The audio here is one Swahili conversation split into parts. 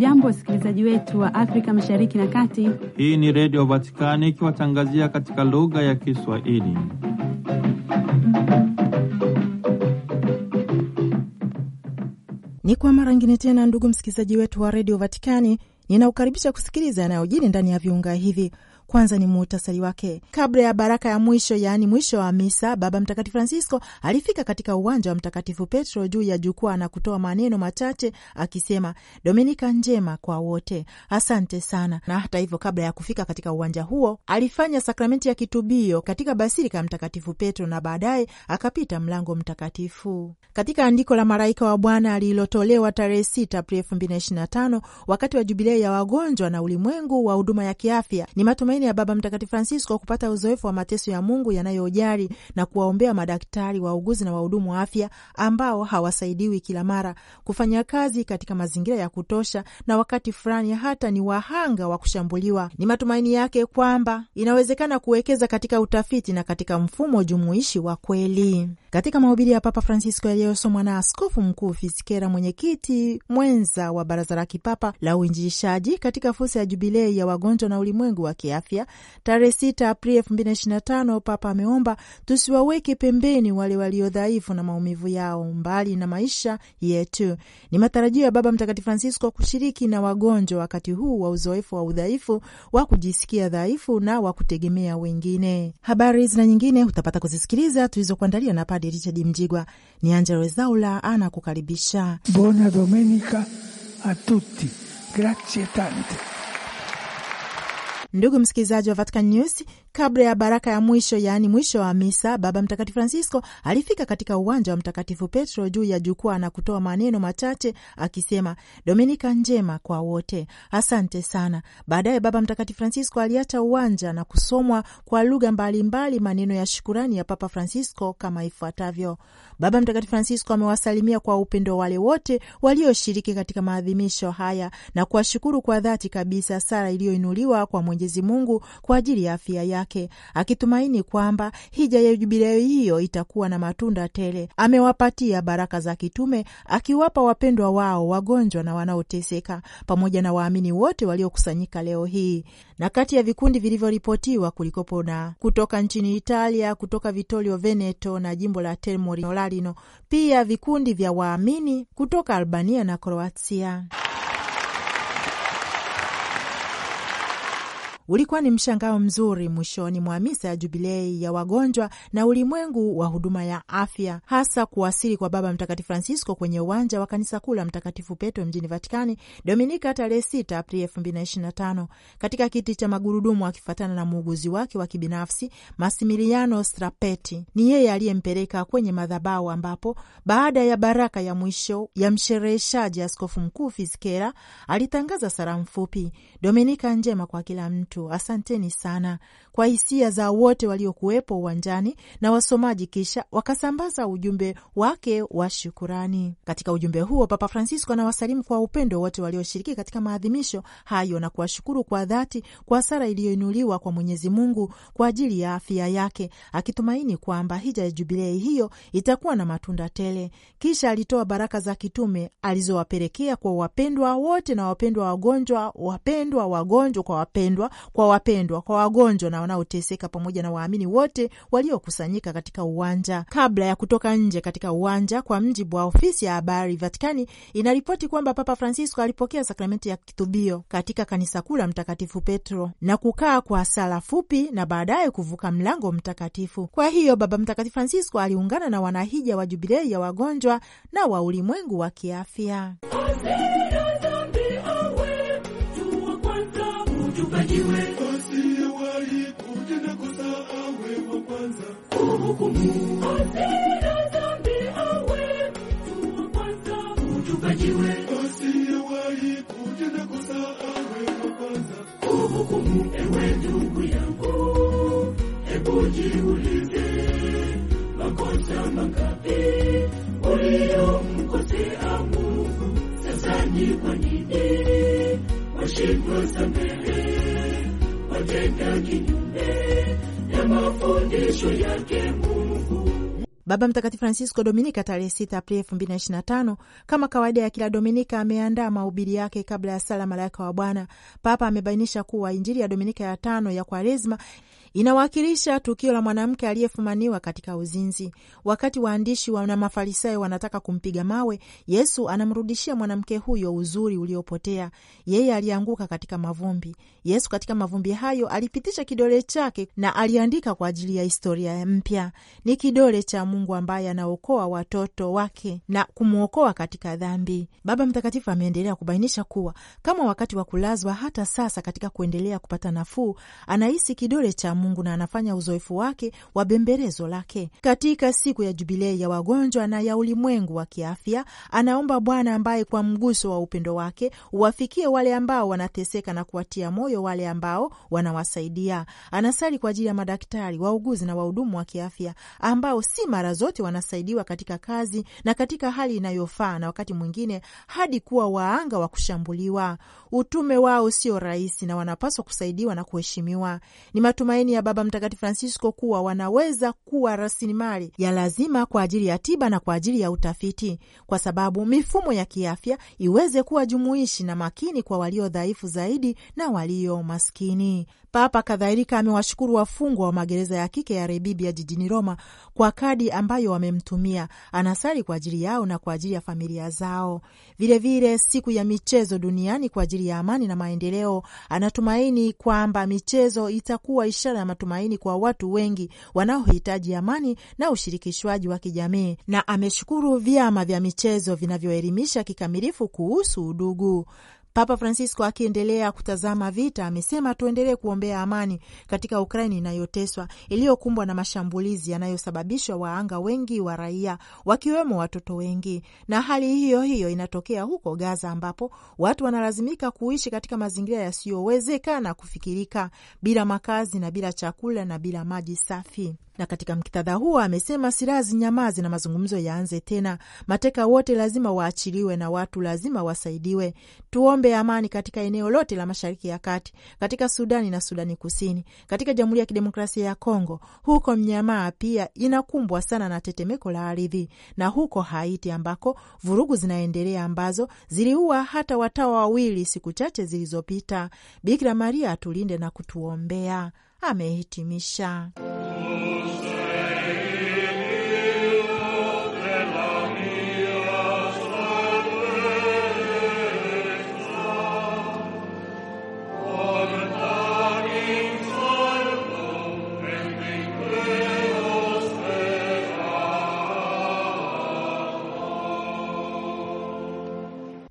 Hamjambo, wasikilizaji wetu wa Afrika Mashariki na Kati. Hii ni Redio Vatikani ikiwatangazia katika lugha ya Kiswahili. Ni kwa mara ngine tena, ndugu msikilizaji wetu wa Redio Vatikani, ninaukaribisha kusikiliza yanayojiri ndani ya viunga hivi kwanza ni muhtasari wake. Kabla ya baraka ya mwisho, yaani mwisho wa misa, Baba Mtakatifu Francisco alifika katika uwanja wa Mtakatifu Petro juu ya jukwaa na kutoa maneno machache akisema, Dominika njema kwa wote, asante sana. Na hata hivyo, kabla ya kufika katika uwanja huo, alifanya sakramenti ya kitubio katika basilika ya Mtakatifu Petro na baadaye akapita mlango mtakatifu. Katika andiko la Malaika wa Bwana lililotolewa tarehe 6 Aprili 2025 wakati wa jubilei ya wagonjwa na ulimwengu wa huduma ya kiafya, ni matumaini Matumaini ya Baba Mtakatifu Francisco kupata uzoefu wa mateso ya Mungu yanayojali na kuwaombea madaktari, wauguzi na wahudumu wa afya ambao hawasaidiwi kila mara, kufanya kazi katika mazingira ya kutosha na wakati fulani hata ni wahanga wa kushambuliwa. Ni matumaini yake kwamba inawezekana kuwekeza katika utafiti na katika mfumo jumuishi wa kweli. Katika mahubiri ya Papa Francisco yaliyosomwa na Askofu Mkuu Fisikera, mwenyekiti mwenza wa Baraza la Kipapa la Uinjilishaji, katika fursa ya Jubilei ya wagonjwa na ulimwengu wa kiafya afya. Tarehe 6 Aprili 2025 Papa ameomba tusiwaweke pembeni wale walio dhaifu na maumivu yao mbali na maisha yetu. Ni matarajio ya Baba Mtakatifu Francisco kushiriki na wagonjwa wakati huu wa uzoefu wa udhaifu wa kujisikia dhaifu na wa kutegemea wengine. Habari zina nyingine utapata kuzisikiliza tulizokuandalia na Padre Richard Mjigwa. Ni Angela Rwezaula anakukaribisha. Buona domenica a tutti, grazie tante. Ndugu msikilizaji wa Vatican News, Kabla ya baraka ya mwisho, yaani mwisho wa misa, Baba Mtakatifu Francisco alifika katika uwanja wa Mtakatifu Petro juu ya jukwaa na kutoa maneno machache akisema, Dominika njema kwa wote, asante sana. Baadaye Baba Mtakatifu Francisco aliacha uwanja na kusomwa kwa lugha mbalimbali maneno ya shukurani ya Papa Francisco kama ifuatavyo. Baba Mtakatifu Francisco amewasalimia kwa upendo wale wote walioshiriki katika maadhimisho haya na kuwashukuru kwa dhati kabisa sara iliyoinuliwa kwa Mwenyezi Mungu kwa ajili ya afya ya yake akitumaini kwamba hija ya jubileo hiyo itakuwa na matunda tele. Amewapatia baraka za kitume, akiwapa wapendwa wao wagonjwa na wanaoteseka, pamoja na waamini wote waliokusanyika leo hii. Na kati ya vikundi vilivyoripotiwa kulikopo na kutoka nchini Italia, kutoka Vittorio Veneto na jimbo la Termoli pia vikundi vya waamini kutoka Albania na Kroatia. Ulikuwa ni mshangao mzuri mwishoni mwa misa ya jubilei ya wagonjwa na ulimwengu wa huduma ya afya, hasa kuwasili kwa Baba Mtakatifu Francisco kwenye uwanja wa kanisa kuu la Mtakatifu Petro mjini Vatikani Dominika tarehe 6 Aprili 2025 katika kiti cha magurudumu akifuatana na muuguzi wake wa kibinafsi Masimiliano Strapeti. Ni yeye aliyempeleka kwenye madhabahu, ambapo baada ya baraka ya mwisho ya mshereheshaji, askofu mkuu fiskera alitangaza salamu fupi, Dominika njema kwa kila mtu wetu, asanteni sana kwa hisia za wote waliokuwepo uwanjani na wasomaji, kisha wakasambaza ujumbe wake wa shukurani. Katika ujumbe huo, Papa Francisco anawasalimu kwa upendo wote walioshiriki katika maadhimisho hayo na kuwashukuru kwa dhati kwa sara iliyoinuliwa kwa Mwenyezi Mungu kwa ajili ya afya yake, akitumaini kwamba hija ya jubilei hiyo itakuwa na matunda tele. Kisha alitoa baraka za kitume alizowapelekea kwa wapendwa wote na wapendwa wagonjwa, wapendwa wagonjwa kwa wapendwa kwa wapendwa, kwa wagonjwa na wanaoteseka, pamoja na waamini wote waliokusanyika katika uwanja. Kabla ya kutoka nje katika uwanja, kwa mjibu wa ofisi ya habari Vatikani, inaripoti kwamba Papa Francisco alipokea sakramenti ya kitubio katika kanisa kuu la Mtakatifu Petro na kukaa kwa sala fupi na baadaye kuvuka mlango mtakatifu. Kwa hiyo Baba Mtakatifu Francisco aliungana na wanahija wa Jubilei ya wagonjwa na wa ulimwengu wa kiafya. Iwe basi wahi kuja na kusaa wewe kwanza Baba Mtakatifu Francisco Dominika tarehe 6 Aprili 2025 kama kawaida ya kila Dominika ameandaa mahubiri yake kabla ya sala Malaika wa Bwana. Papa amebainisha kuwa Injili ya Dominika ya tano ya Kwaresma inawakilisha tukio la mwanamke aliyefumaniwa katika uzinzi. Wakati waandishi na Mafarisayo wanataka kumpiga mawe, Yesu anamrudishia mwanamke huyo uzuri uliopotea. Yeye alianguka katika mavumbi. Yesu katika mavumbi hayo alipitisha kidole chake na aliandika kwa ajili ya historia mpya. Ni kidole cha Mungu ambaye anaokoa watoto wake na kumwokoa katika dhambi. Baba Mtakatifu ameendelea kubainisha kuwa kama wakati wa kulazwa, hata sasa katika kuendelea kupata nafuu, anahisi kidole cha Mungu na anafanya uzoefu wake wa bembelezo lake. Katika siku ya Jubilei ya wagonjwa na ya ulimwengu wa kiafya, anaomba Bwana ambaye kwa mguso wa upendo wake uwafikie wale ambao wanateseka na kuwatia moyo wale ambao wanawasaidia. Anasali kwa ajili ya madaktari, wauguzi na wahudumu wa kiafya ambao si mara zote wanasaidiwa katika kazi na katika hali inayofaa na wakati mwingine hadi kuwa waanga wa kushambuliwa. Utume wao sio rahisi na wanapaswa kusaidiwa na kuheshimiwa. Ni matumaini imani ya Baba Mtakatifu Francisco kuwa wanaweza kuwa rasilimali ya lazima kwa ajili ya tiba na kwa ajili ya utafiti, kwa sababu mifumo ya kiafya iweze kuwa jumuishi na makini kwa walio dhaifu zaidi na walio maskini. Papa kadhalika amewashukuru wafungwa wa magereza ya kike ya Rebibbia jijini Roma kwa kadi ambayo wamemtumia. Anasali kwa ajili yao na kwa ajili ya familia zao. Vilevile vile, siku ya michezo duniani kwa ajili ya amani na maendeleo, anatumaini kwamba michezo itakuwa ishara ya matumaini kwa watu wengi wanaohitaji amani na ushirikishwaji wa kijamii, na ameshukuru vyama vya michezo vinavyoelimisha kikamilifu kuhusu udugu. Papa Francisco akiendelea kutazama vita amesema tuendelee kuombea amani katika Ukraini inayoteswa iliyokumbwa na mashambulizi yanayosababishwa waanga wengi wa raia wakiwemo watoto wengi, na hali hiyo hiyo inatokea huko Gaza ambapo watu wanalazimika kuishi katika mazingira yasiyowezekana kufikirika, bila makazi na bila chakula na bila maji safi. Na katika mktadha huo amesema silaha zinyamazi na mazungumzo yaanze tena, mateka wote lazima waachiliwe na watu lazima wasaidiwe. Tuombe tuombe amani katika eneo lote la Mashariki ya Kati, katika Sudani na Sudani Kusini, katika Jamhuri ya Kidemokrasia ya Kongo. Huko Mnyamaa pia inakumbwa sana na tetemeko la ardhi, na huko Haiti ambako vurugu zinaendelea ambazo ziliua hata watawa wawili siku chache zilizopita. Bikira Maria atulinde na kutuombea. Amehitimisha.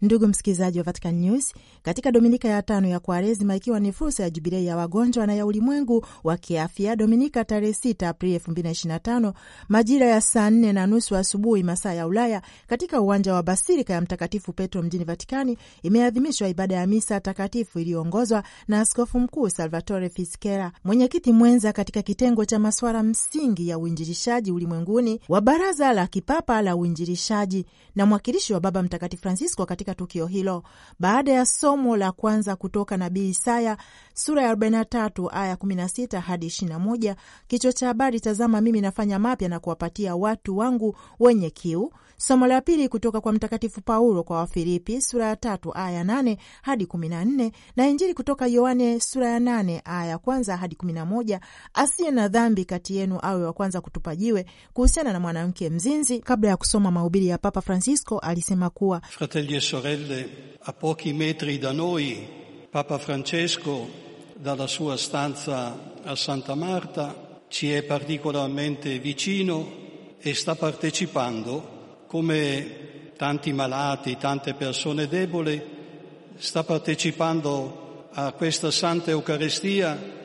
Ndugu msikilizaji wa Vatican News, katika dominika ya tano ya Kwaresima, ikiwa ni fursa ya jubilei ya wagonjwa na ya ulimwengu wa kiafya, dominika tarehe 6 Aprili 2025 majira ya saa nne na nusu asubuhi masaa ya Ulaya, katika uwanja wa basilika ya Mtakatifu Petro mjini Vatikani imeadhimishwa ibada ya misa takatifu iliyoongozwa na Askofu Mkuu Salvatore Fiskera, mwenyekiti mwenza katika kitengo cha masuala msingi ya uinjilishaji ulimwenguni wa Baraza la Kipapa la Uinjilishaji na mwakilishi wa Baba Mtakatifu Francisco katika tukio hilo baada ya somo la kwanza kutoka nabii Isaya sura ya 43 aya 16 hadi 21. Kichwa cha habari: tazama mimi nafanya mapya na kuwapatia watu wangu wenye kiu Somo la pili kutoka kwa Mtakatifu Paulo kwa Wafilipi sura ya tatu aya ya nane hadi kumi na nne na Injili kutoka Yohane sura ya nane aya ya kwanza hadi kumi na moja Asiye na dhambi kati yenu awe wa kwanza kutupa jiwe. Kuhusiana na mwanamke mzinzi, kabla ya kusoma mahubiri ya Papa Francisco alisema kuwa fratelli e sorelle a pochi metri da noi Papa Francesco dalla sua stanza a Santa Marta ci è particolarmente vicino e sta partecipando come tanti malati, tante persone deboli, sta partecipando a questa Santa Eucaristia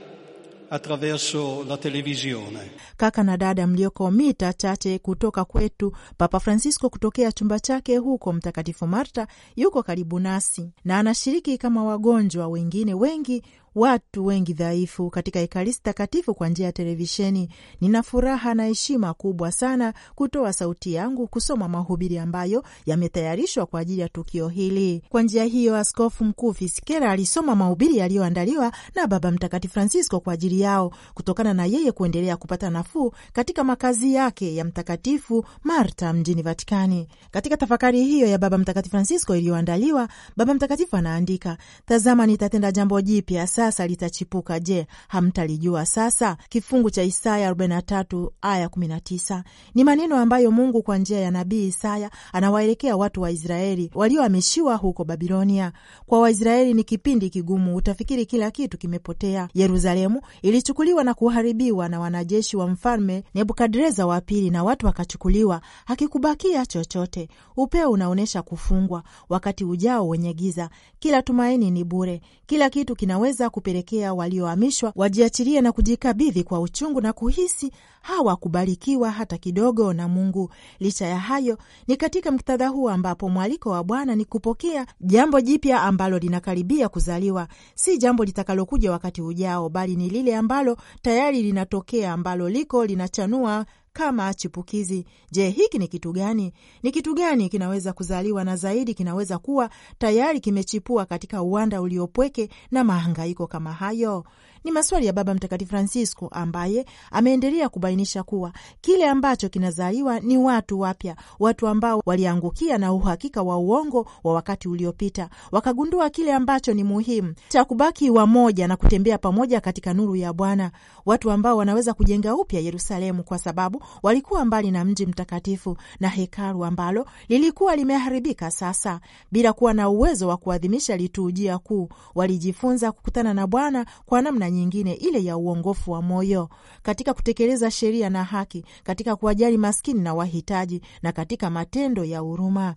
attraverso la televisione. Kaka na dada mlioko mita chache kutoka kwetu, Papa Francisco kutokea chumba chake huko Mtakatifu Marta yuko karibu nasi na anashiriki kama wagonjwa wengine wengi watu wengi dhaifu katika Ekaristi Takatifu kwa njia ya televisheni. Nina furaha na heshima kubwa sana kutoa sauti yangu kusoma mahubiri ambayo yametayarishwa kwa ajili ya tukio hili. Kwa njia hiyo, Askofu Mkuu Fisikera alisoma mahubiri yaliyoandaliwa na Baba Mtakatifu Francisco kwa ajili yao, kutokana na yeye kuendelea kupata nafuu katika makazi yake ya Mtakatifu Marta mjini Vatikani. Katika tafakari hiyo ya Baba Mtakatifu Francisco iliyoandaliwa, Baba Mtakatifu anaandika: tazama, nitatenda jambo jipya sasa litachipuka. Je, hamtalijua sasa? Kifungu cha Isaya 43 aya 19 ni maneno ambayo Mungu kwa njia ya nabii Isaya anawaelekea watu wa Israeli waliohamishiwa huko Babilonia. Kwa Waisraeli ni kipindi kigumu, utafikiri kila kitu kimepotea. Yerusalemu ilichukuliwa na kuharibiwa na wanajeshi wa mfalme Nebukadreza wa pili, na watu wakachukuliwa, hakikubakia chochote. Upeo unaonyesha kufungwa, wakati ujao wenye giza. Kila tumaini ni bure, kila kitu kinaweza kupelekea waliohamishwa wajiachilie na kujikabidhi kwa uchungu na kuhisi hawakubarikiwa hata kidogo na Mungu. Licha ya hayo, ni katika muktadha huu ambapo mwaliko wa Bwana ni kupokea jambo jipya ambalo linakaribia kuzaliwa, si jambo litakalokuja wakati ujao, bali ni lile ambalo tayari linatokea, ambalo liko linachanua kama chipukizi. Je, hiki ni kitu gani? Ni kitu gani kinaweza kuzaliwa na zaidi kinaweza kuwa tayari kimechipua katika uwanda uliopweke na mahangaiko kama hayo? Ni maswali ya Baba Mtakatifu Francisco ambaye ameendelea kubainisha kuwa kile ambacho kinazaliwa ni watu wapya, watu ambao waliangukia na uhakika wa uongo wa wakati uliopita, wakagundua kile ambacho ni muhimu cha kubaki wamoja na kutembea pamoja katika nuru ya Bwana, watu ambao wanaweza kujenga upya Yerusalemu kwa sababu walikuwa mbali na mji mtakatifu na hekalu ambalo lilikuwa limeharibika sasa, bila kuwa na uwezo wa kuadhimisha liturujia kuu. Walijifunza kukutana na Bwana kwa namna nyingine ile ya uongofu wa moyo, katika kutekeleza sheria na haki, katika kuwajali maskini na wahitaji, na katika matendo ya huruma.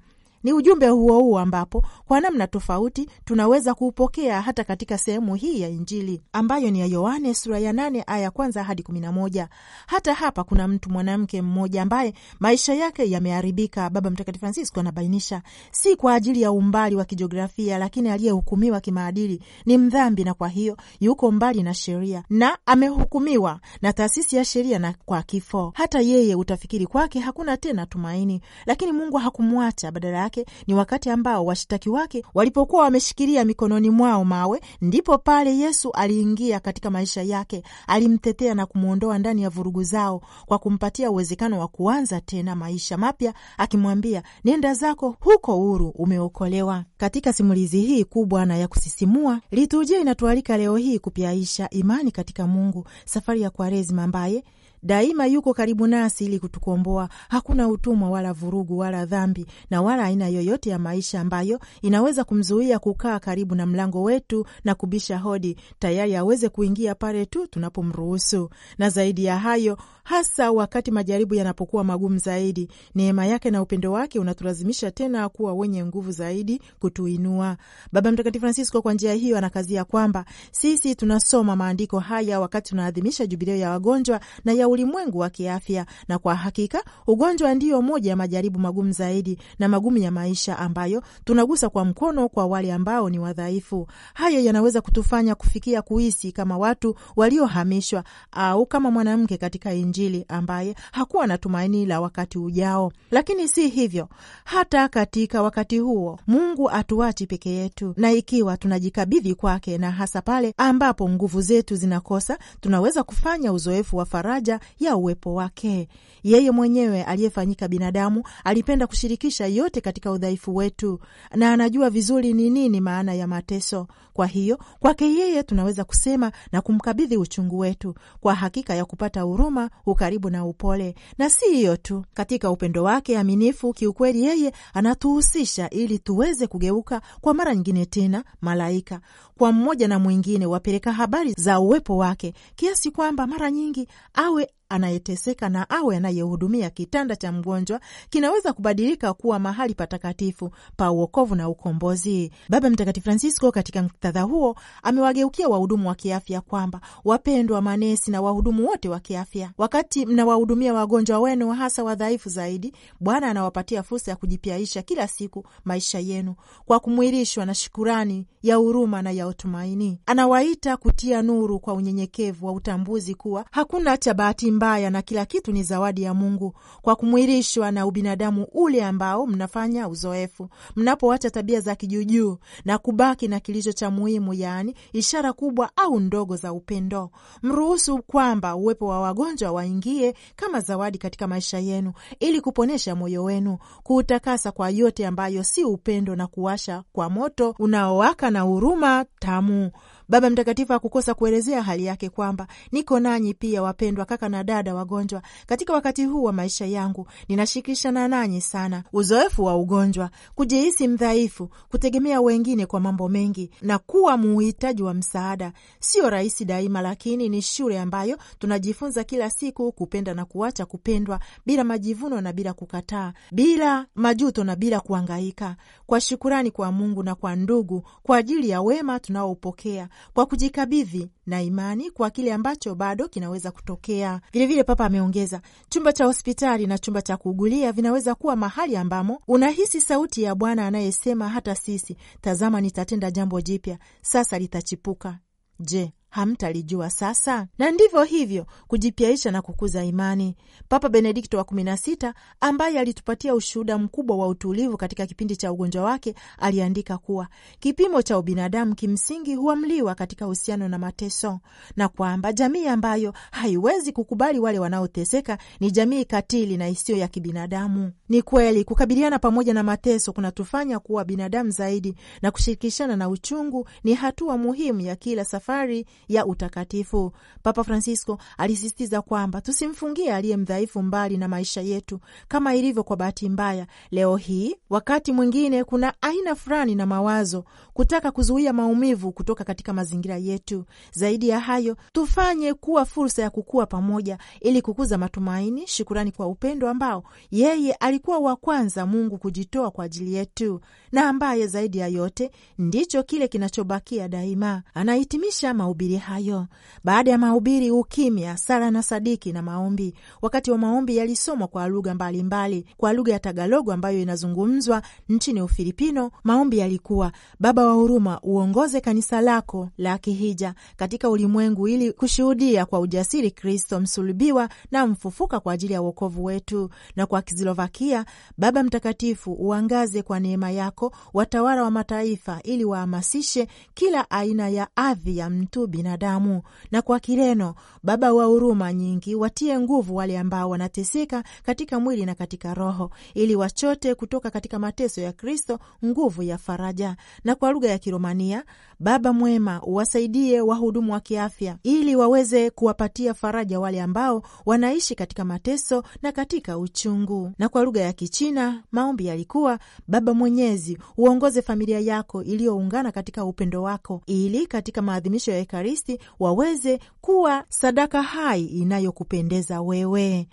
Ni ujumbe huo huo ambapo kwa namna tofauti tunaweza kuupokea hata katika sehemu hii ya Injili ambayo ni ya Yohane sura ya nane aya ya kwanza hadi kumi na moja. Hata hapa kuna mtu mwanamke mmoja ambaye maisha yake yameharibika, Baba Mtakatifu Francisco anabainisha, si kwa ajili ya umbali wa kijiografia, lakini aliyehukumiwa kimaadili ni mdhambi, na kwa hiyo yuko mbali na sheria na amehukumiwa na taasisi ya sheria na kwa kifo. Hata yeye utafikiri kwake hakuna tena tumaini, lakini Mungu hakumwacha, badala yake wake ni wakati ambao washitaki wake walipokuwa wameshikilia mikononi mwao mawe, ndipo pale Yesu aliingia katika maisha yake, alimtetea na kumwondoa ndani ya vurugu zao kwa kumpatia uwezekano wa kuanza tena maisha mapya, akimwambia nenda zako huko huru, umeokolewa. Katika simulizi hii kubwa na ya kusisimua, liturujia inatualika leo hii kupyaisha imani katika Mungu, safari ya Kwaresima ambaye Daima yuko karibu nasi ili kutukomboa. Hakuna utumwa wala vurugu wala dhambi na wala aina yoyote ya maisha ambayo inaweza kumzuia kukaa karibu na mlango wetu na kubisha hodi, tayari aweze kuingia pale tu tunapomruhusu. Na zaidi ya hayo, hasa wakati majaribu yanapokuwa magumu zaidi. Neema yake na upendo wake unatulazimisha tena kuwa wenye nguvu zaidi kutuinua. Baba Mtakatifu Francisco kwa njia hiyo anakazia kwamba sisi tunasoma maandiko haya wakati tunaadhimisha jubileo ya wagonjwa na ya ulimwengu wa kiafya, na kwa hakika ugonjwa ndiyo moja ya majaribu magumu zaidi na magumu ya maisha ambayo tunagusa kwa mkono kwa wale ambao ni wadhaifu. Hayo yanaweza kutufanya kufikia kuhisi kama watu waliohamishwa au kama mwanamke katika inji. Injili ambaye hakuwa na tumaini la wakati ujao. Lakini si hivyo, hata katika wakati huo Mungu atuachi peke yetu, na ikiwa tunajikabidhi kwake, na hasa pale ambapo nguvu zetu zinakosa, tunaweza kufanya uzoefu wa faraja ya uwepo wake. Yeye mwenyewe aliyefanyika binadamu alipenda kushirikisha yote katika udhaifu wetu, na anajua vizuri ni nini maana ya mateso. Kwa hiyo kwake yeye tunaweza kusema na kumkabidhi uchungu wetu kwa hakika ya kupata huruma ukaribu na upole. Na si hiyo tu, katika upendo wake aminifu kiukweli, yeye anatuhusisha ili tuweze kugeuka kwa mara nyingine tena malaika, kwa mmoja na mwingine wapeleka habari za uwepo wake, kiasi kwamba mara nyingi awe anayeteseka na awe anayehudumia kitanda cha mgonjwa kinaweza kubadilika kuwa mahali patakatifu pa uokovu na ukombozi. Baba Mtakatifu Francisco katika muktadha huo amewageukia wahudumu wa kiafya kwamba, wapendwa manesi na wahudumu wote wa kiafya, wakati mnawahudumia wagonjwa wenu, hasa wadhaifu zaidi, Bwana anawapatia fursa ya kujipiaisha kila siku maisha yenu kwa kumwirishwa na shukurani ya huruma na ya utumaini. Anawaita kutia nuru kwa unyenyekevu wa utambuzi kuwa hakuna cha bahati mbaya na kila kitu ni zawadi ya Mungu kwa kumwirishwa na ubinadamu ule ambao mnafanya uzoefu mnapoacha tabia za kijujuu na kubaki na kilicho cha muhimu, yaani ishara kubwa au ndogo za upendo. Mruhusu kwamba uwepo wa wagonjwa waingie kama zawadi katika maisha yenu, ili kuponesha moyo wenu, kuutakasa kwa yote ambayo si upendo na kuwasha kwa moto unaowaka na huruma tamu. Baba Mtakatifu hakukosa kuelezea hali yake kwamba niko nanyi pia, wapendwa kaka na dada wagonjwa, katika wakati huu wa maisha yangu ninashirikishana nanyi sana uzoefu wa ugonjwa, kujihisi mdhaifu, kutegemea wengine kwa mambo mengi na kuwa muhitaji wa msaada. Sio rahisi daima, lakini ni shule ambayo tunajifunza kila siku kupenda na kuacha kupendwa, bila majivuno na bila kukataa, bila majuto na bila kuangaika, kwa shukurani kwa Mungu na kwa ndugu kwa ajili ya wema tunaoupokea kwa kujikabidhi na imani kwa kile ambacho bado kinaweza kutokea. Vilevile Papa ameongeza, chumba cha hospitali na chumba cha kuugulia vinaweza kuwa mahali ambamo unahisi sauti ya Bwana anayesema hata sisi, tazama, nitatenda jambo jipya, sasa litachipuka. Je, hamtalijua sasa. Na ndivyo hivyo kujipyaisha na kukuza imani. Papa Benedikto wa kumi na sita, ambaye alitupatia ushuhuda mkubwa wa utulivu katika kipindi cha ugonjwa wake, aliandika kuwa kipimo cha ubinadamu kimsingi huamliwa katika uhusiano na mateso, na kwamba jamii ambayo haiwezi kukubali wale wanaoteseka ni jamii katili na isiyo ya kibinadamu. Ni kweli kukabiliana pamoja na mateso kunatufanya kuwa binadamu zaidi, na kushirikishana na uchungu ni hatua muhimu ya kila safari ya utakatifu. Papa Francisco alisisitiza kwamba tusimfungie aliye mdhaifu mbali na maisha yetu, kama ilivyo kwa bahati mbaya leo hii. Wakati mwingine kuna aina fulani na mawazo kutaka kuzuia maumivu kutoka katika mazingira yetu. Zaidi ya hayo, tufanye kuwa fursa ya kukua pamoja, ili kukuza matumaini, shukurani kwa upendo ambao yeye alikuwa wa kwanza Mungu kujitoa kwa ajili yetu, na ambaye zaidi ya yote ndicho kile kinachobakia daima. Anahitimisha mahubiri mahubiri hayo. Baada ya mahubiri, ukimya, sala na sadiki na maombi. Wakati wa maombi yalisomwa kwa lugha mbalimbali. Kwa lugha ya Tagalogo ambayo inazungumzwa nchini Ufilipino, maombi yalikuwa: Baba wa huruma, uongoze kanisa lako la kihija katika ulimwengu, ili kushuhudia kwa ujasiri Kristo msulubiwa na mfufuka kwa ajili ya uokovu wetu. Na kwa Kislovakia, Baba Mtakatifu, uangaze kwa neema yako watawala wa mataifa, ili wahamasishe kila aina ya adhi ya mtu binadamu, na kwa Kireno, Baba wa huruma nyingi, watie nguvu wale ambao wanateseka katika mwili na katika roho, ili wachote kutoka katika mateso ya Kristo nguvu ya faraja. Na kwa lugha ya Kiromania, Baba mwema, uwasaidie wahudumu wa kiafya, ili waweze kuwapatia faraja wale ambao wanaishi katika mateso na katika uchungu. Na kwa lugha ya Kichina, maombi yalikuwa: Baba mwenyezi, uongoze familia yako iliyoungana katika upendo wako, ili katika maadhimisho ya Ekaristi Ekaristi waweze kuwa sadaka hai inayokupendeza wewe.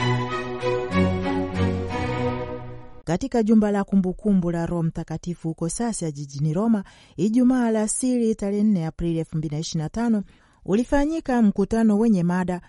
Katika jumba la kumbukumbu la Roho Mtakatifu huko sasa jijini Roma, Ijumaa alasiri tarehe 4 Aprili 2025 ulifanyika mkutano wenye mada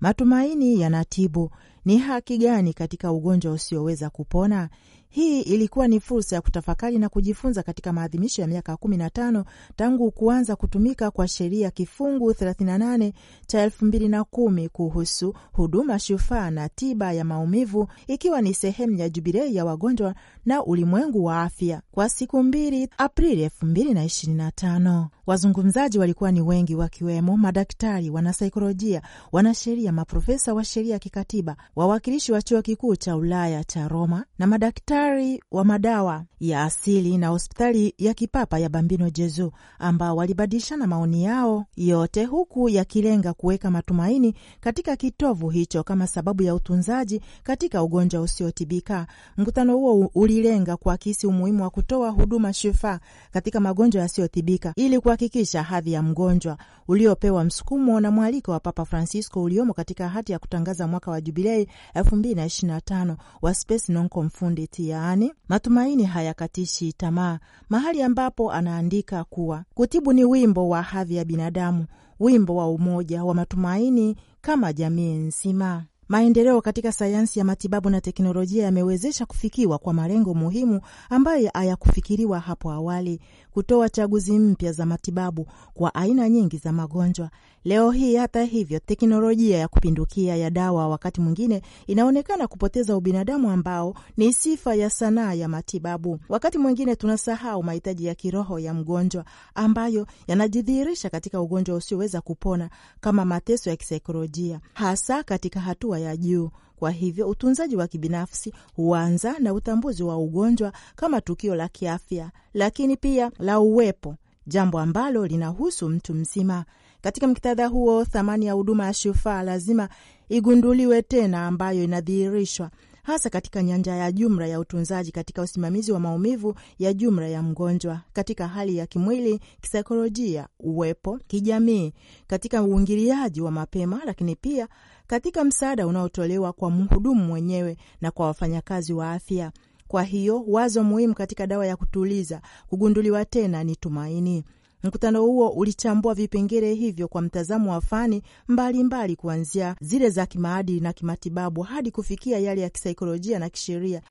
matumaini yanatibu, ni haki gani katika ugonjwa usioweza kupona? Hii ilikuwa ni fursa ya kutafakari na kujifunza katika maadhimisho ya miaka 15 tangu kuanza kutumika kwa sheria kifungu 38 cha 2010 kuhusu huduma shufaa na tiba ya maumivu, ikiwa ni sehemu ya jubilei ya wagonjwa na ulimwengu wa afya kwa siku mbili, Aprili 2025. Wazungumzaji walikuwa ni wengi, wakiwemo madaktari, wanasaikolojia, wanasheria, maprofesa wa sheria ya kikatiba, wawakilishi wa chuo kikuu cha Ulaya cha Roma na madaktari wa madawa ya asili na hospitali ya kipapa ya Bambino Jezu, ambao walibadilishana maoni yao yote, huku yakilenga kuweka matumaini katika kitovu hicho kama sababu ya utunzaji katika ugonjwa usiotibika. Mkutano huo ulilenga kuakisi umuhimu wa kutoa huduma shufaa katika magonjwa yasiyotibika ili kuhakikisha hadhi ya mgonjwa uliopewa msukumo na mwaliko wa Papa Francisco uliomo katika hati ya kutangaza mwaka wa Jubilei 2025 wa Spes Non Confundit, yaani matumaini hayakatishi tamaa, mahali ambapo anaandika kuwa kutibu ni wimbo wa hadhi ya binadamu, wimbo wa umoja wa matumaini kama jamii nzima. Maendeleo katika sayansi ya matibabu na teknolojia yamewezesha kufikiwa kwa malengo muhimu ambayo hayakufikiriwa hapo awali, kutoa chaguzi mpya za matibabu kwa aina nyingi za magonjwa. Leo hii, hata hivyo, teknolojia ya kupindukia ya dawa wakati mwingine inaonekana kupoteza ubinadamu ambao ni sifa ya sanaa ya matibabu. Wakati mwingine tunasahau mahitaji ya kiroho ya mgonjwa ambayo yanajidhihirisha katika ugonjwa usioweza kupona kama mateso ya kisaikolojia, hasa katika hatua ya juu. Kwa hivyo utunzaji wa kibinafsi huanza na utambuzi wa ugonjwa kama tukio la kiafya, lakini pia la uwepo, jambo ambalo linahusu mtu mzima. Katika muktadha huo, thamani ya huduma ya shufaa lazima igunduliwe tena, ambayo inadhihirishwa hasa katika nyanja ya jumla ya utunzaji katika usimamizi wa maumivu ya jumla ya mgonjwa katika hali ya kimwili, kisaikolojia, uwepo, kijamii, katika uingiliaji wa mapema, lakini pia katika msaada unaotolewa kwa mhudumu mwenyewe na kwa wafanyakazi wa afya. Kwa hiyo wazo muhimu katika dawa ya kutuliza kugunduliwa tena ni tumaini. Mkutano huo ulichambua vipengele hivyo kwa mtazamo wa fani mbalimbali, kuanzia zile za kimaadili na kimatibabu hadi kufikia yale ya kisaikolojia na kisheria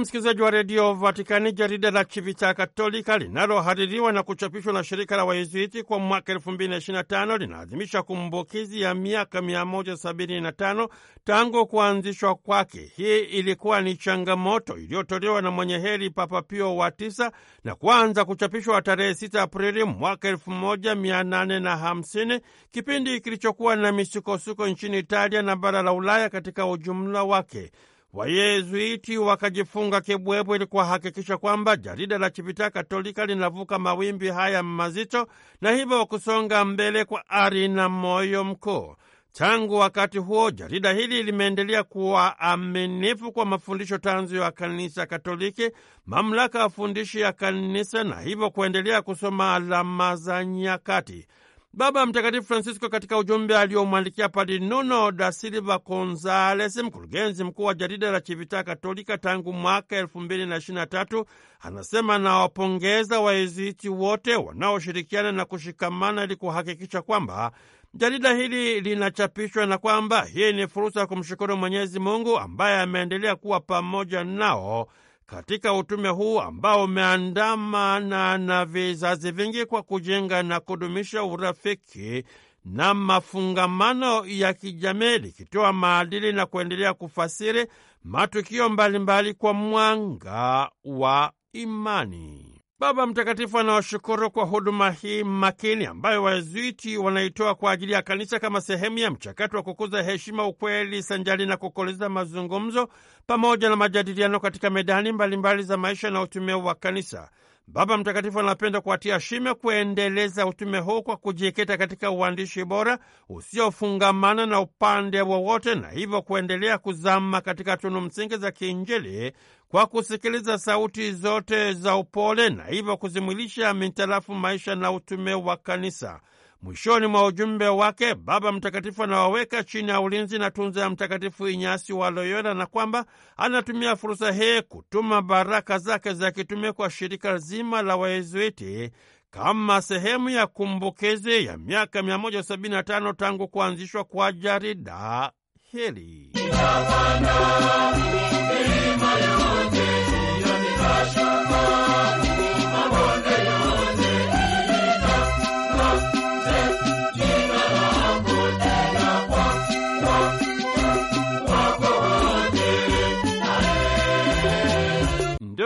msikilizaji wa redio Vatikani, jarida la Chivita Katolika linalohaririwa na kuchapishwa na shirika la Waizuiti kwa mwaka 2025 linaadhimisha kumbukizi ya miaka 175 tangu kuanzishwa kwake. Hii ilikuwa ni changamoto iliyotolewa na mwenye heri Papa Pio wa tisa na kuanza kuchapishwa tarehe 6 Aprili mwaka 1850, kipindi kilichokuwa na misukosuko nchini Italia na bara la Ulaya katika ujumla wake. Wayezuiti wakajifunga kibwebwe ili kuhakikisha kwamba jarida la Chipita Katolika linavuka mawimbi haya mazito na hivyo kusonga mbele kwa ari na moyo mkuu. Tangu wakati huo jarida hili limeendelea kuwa aminifu kwa mafundisho tanzu ya Kanisa Katoliki, mamlaka ya fundishi ya Kanisa, na hivyo kuendelea kusoma alama za nyakati. Baba Mtakatifu Francisco katika ujumbe aliomwandikia Padi Nuno da Silva Gonzales, mkurugenzi mkuu wa jarida la Chivita Katolika tangu mwaka elfu mbili na ishirini na tatu, anasema anawapongeza waeziti wote wanaoshirikiana na kushikamana ili kuhakikisha kwamba jarida hili linachapishwa na kwamba hii ni fursa ya kumshukuru Mwenyezi Mungu ambaye ameendelea kuwa pamoja nao katika utume huu ambao umeandamana na vizazi vingi kwa kujenga na kudumisha urafiki na mafungamano ya kijamii likitoa maadili na kuendelea kufasiri matukio mbalimbali mbali kwa mwanga wa imani. Baba Mtakatifu anawashukuru kwa huduma hii makini ambayo wazwiti wanaitoa kwa ajili ya kanisa kama sehemu ya mchakato wa kukuza heshima, ukweli sanjali na kukoleza mazungumzo pamoja na majadiliano katika medani mbalimbali mbali za maisha na utume wa kanisa. Baba Mtakatifu anapenda kuwatia shime kuendeleza utume huu kwa kujikita katika uandishi bora usiofungamana na upande wowote, na hivyo kuendelea kuzama katika tunu msingi za kiinjili kwa kusikiliza sauti zote za upole, na hivyo kuzimwilisha mitarafu maisha na utume wa Kanisa. Mwishoni mwa ujumbe wake, Baba Mtakatifu anawaweka chini ya ulinzi na tunza ya Mtakatifu Inyasi wa Loyola na kwamba anatumia fursa hii kutuma baraka zake za kitume kwa shirika zima la waezuiti kama sehemu ya kumbukizi ya miaka 175 tangu kuanzishwa kwa jarida hili.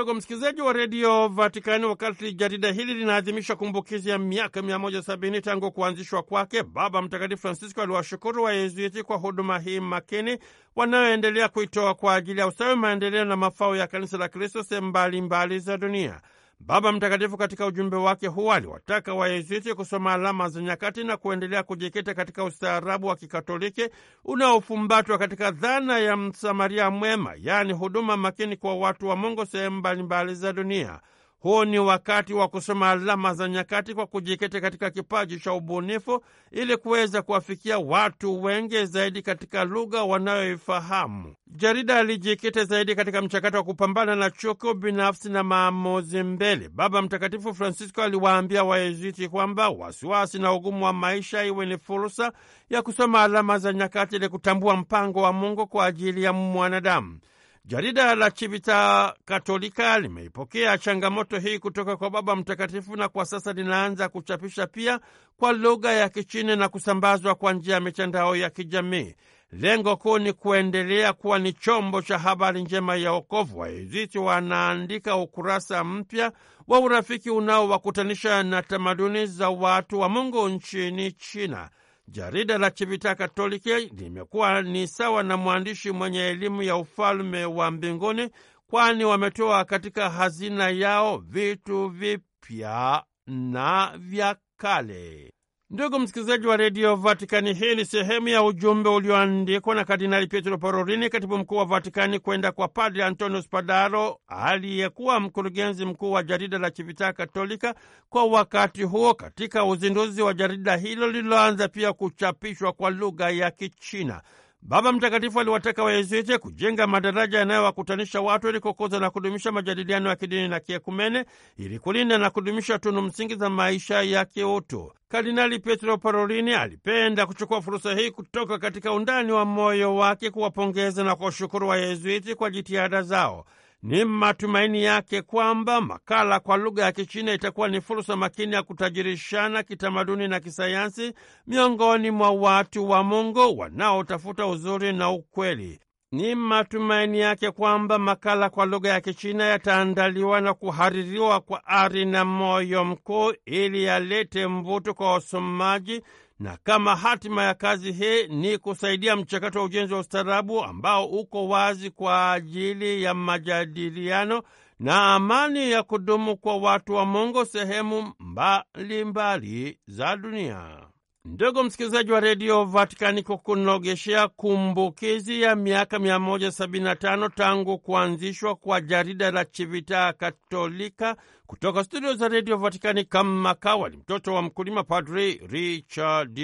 ndugu msikilizaji wa redio Vatikani, wakati jarida hili linaadhimisha kumbukizi ya miaka 170 tangu kuanzishwa kwake, Baba Mtakatifu Francisco aliwashukuru Wayezuiti kwa huduma hii makini wanayoendelea kuitoa kwa ajili ya ustawi, maendeleo na mafao ya kanisa la Kristo sehemu mbalimbali za dunia. Baba Mtakatifu katika ujumbe wake huu aliwataka Waeziti kusoma alama za nyakati na kuendelea kujikita katika ustaarabu wa Kikatoliki unaofumbatwa katika dhana ya Msamaria Mwema, yaani huduma makini kwa watu wa Mungu sehemu mbalimbali za dunia. Huu ni wakati wa kusoma alama za nyakati kwa kujikita katika kipaji cha ubunifu ili kuweza kuwafikia watu wengi zaidi katika lugha wanayoifahamu. Jarida alijikita zaidi katika mchakato wa kupambana na chuki binafsi na maamuzi mbele. Baba Mtakatifu Francisco aliwaambia Waeziti kwamba wasiwasi na ugumu wa maisha iwe ni fursa ya kusoma alama za nyakati ili kutambua mpango wa Mungu kwa ajili ya mwanadamu. Jarida la Chivita Katolika limeipokea changamoto hii kutoka kwa Baba Mtakatifu na kwa sasa linaanza kuchapisha pia kwa lugha ya Kichina na kusambazwa kwa njia ya mitandao ya kijamii. Lengo kuu ni kuendelea kuwa ni chombo cha habari njema ya wokovu. Waiziti wanaandika ukurasa mpya wa urafiki unaowakutanisha na tamaduni za watu wa Mungu nchini China. Jarida la Chivita Katoliki limekuwa ni sawa na mwandishi mwenye elimu ya ufalme wa mbinguni, kwani wametoa katika hazina yao vitu vipya na vya kale. Ndugu msikilizaji wa redio Vatikani, hii ni sehemu ya ujumbe ulioandikwa na Kardinali Pietro Parolini, katibu mkuu wa Vatikani, kwenda kwa padre Antonio Spadaro, aliyekuwa mkurugenzi mkuu wa jarida la Chivita Katolika kwa wakati huo, katika uzinduzi wa jarida hilo lililoanza pia kuchapishwa kwa lugha ya Kichina. Baba Mtakatifu aliwataka Wayezuiti kujenga madaraja yanayowakutanisha watu ili kukuza na kudumisha majadiliano ya kidini na kiekumene ili kulinda na kudumisha tunu msingi za maisha ya kiutu. Kardinali Pietro Parolini alipenda kuchukua fursa hii kutoka katika undani wa moyo wake kuwapongeza na kuwashukuru Wayezuiti kwa jitihada zao. Ni matumaini yake kwamba makala kwa lugha ya Kichina itakuwa ni fursa makini ya kutajirishana kitamaduni na kisayansi miongoni mwa watu wa Mungu wanaotafuta uzuri na ukweli. Ni matumaini yake kwamba makala kwa lugha ya Kichina yataandaliwa na kuhaririwa kwa ari na moyo mkuu ili yalete mvuto kwa wasomaji na kama hatima ya kazi hii ni kusaidia mchakato wa ujenzi wa ustaarabu ambao uko wazi kwa ajili ya majadiliano na amani ya kudumu kwa watu wa Mungu sehemu mbalimbali mbali za dunia. Ndugu msikilizaji wa redio Vatikani, kukunogeshea kumbukizi ya miaka 175 tangu kuanzishwa kwa jarida la Chivita Katolika, kutoka studio za redio Vatikani kama ni mtoto wa mkulima Padri Richard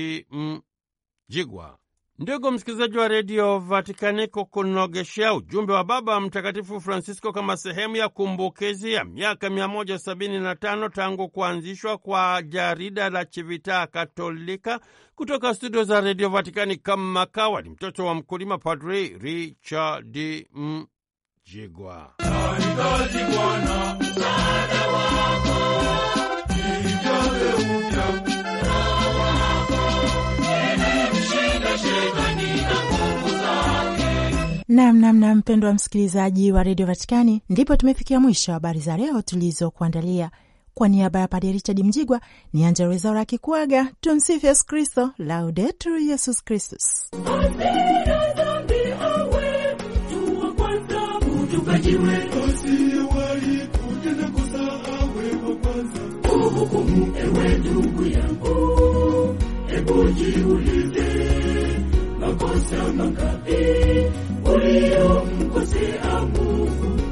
Mjigwa. Ndugu msikilizaji wa redio Vatikani, kukunogeshea ujumbe wa Baba Mtakatifu Francisco kama sehemu ya kumbukizi ya miaka 175 tangu kuanzishwa kwa jarida la Chivita Katolika, kutoka studio za redio Vatikani. Kama makawa ni mtoto wa mkulima, Padri Richard Mjigwa. Namnamna mpendwa wa msikilizaji wa redio Vatikani, ndipo tumefikia mwisho wa habari za leo tulizokuandalia. Kwa niaba ya Padre Richard Mjigwa ni Angella Rwezaura akikuaga. Tumsifu Yesu Kristo, Laudetur Yesus Kristus. ewe ndugu yangu, ebu jiulize kukosa makapi, uliyomkosea Mungu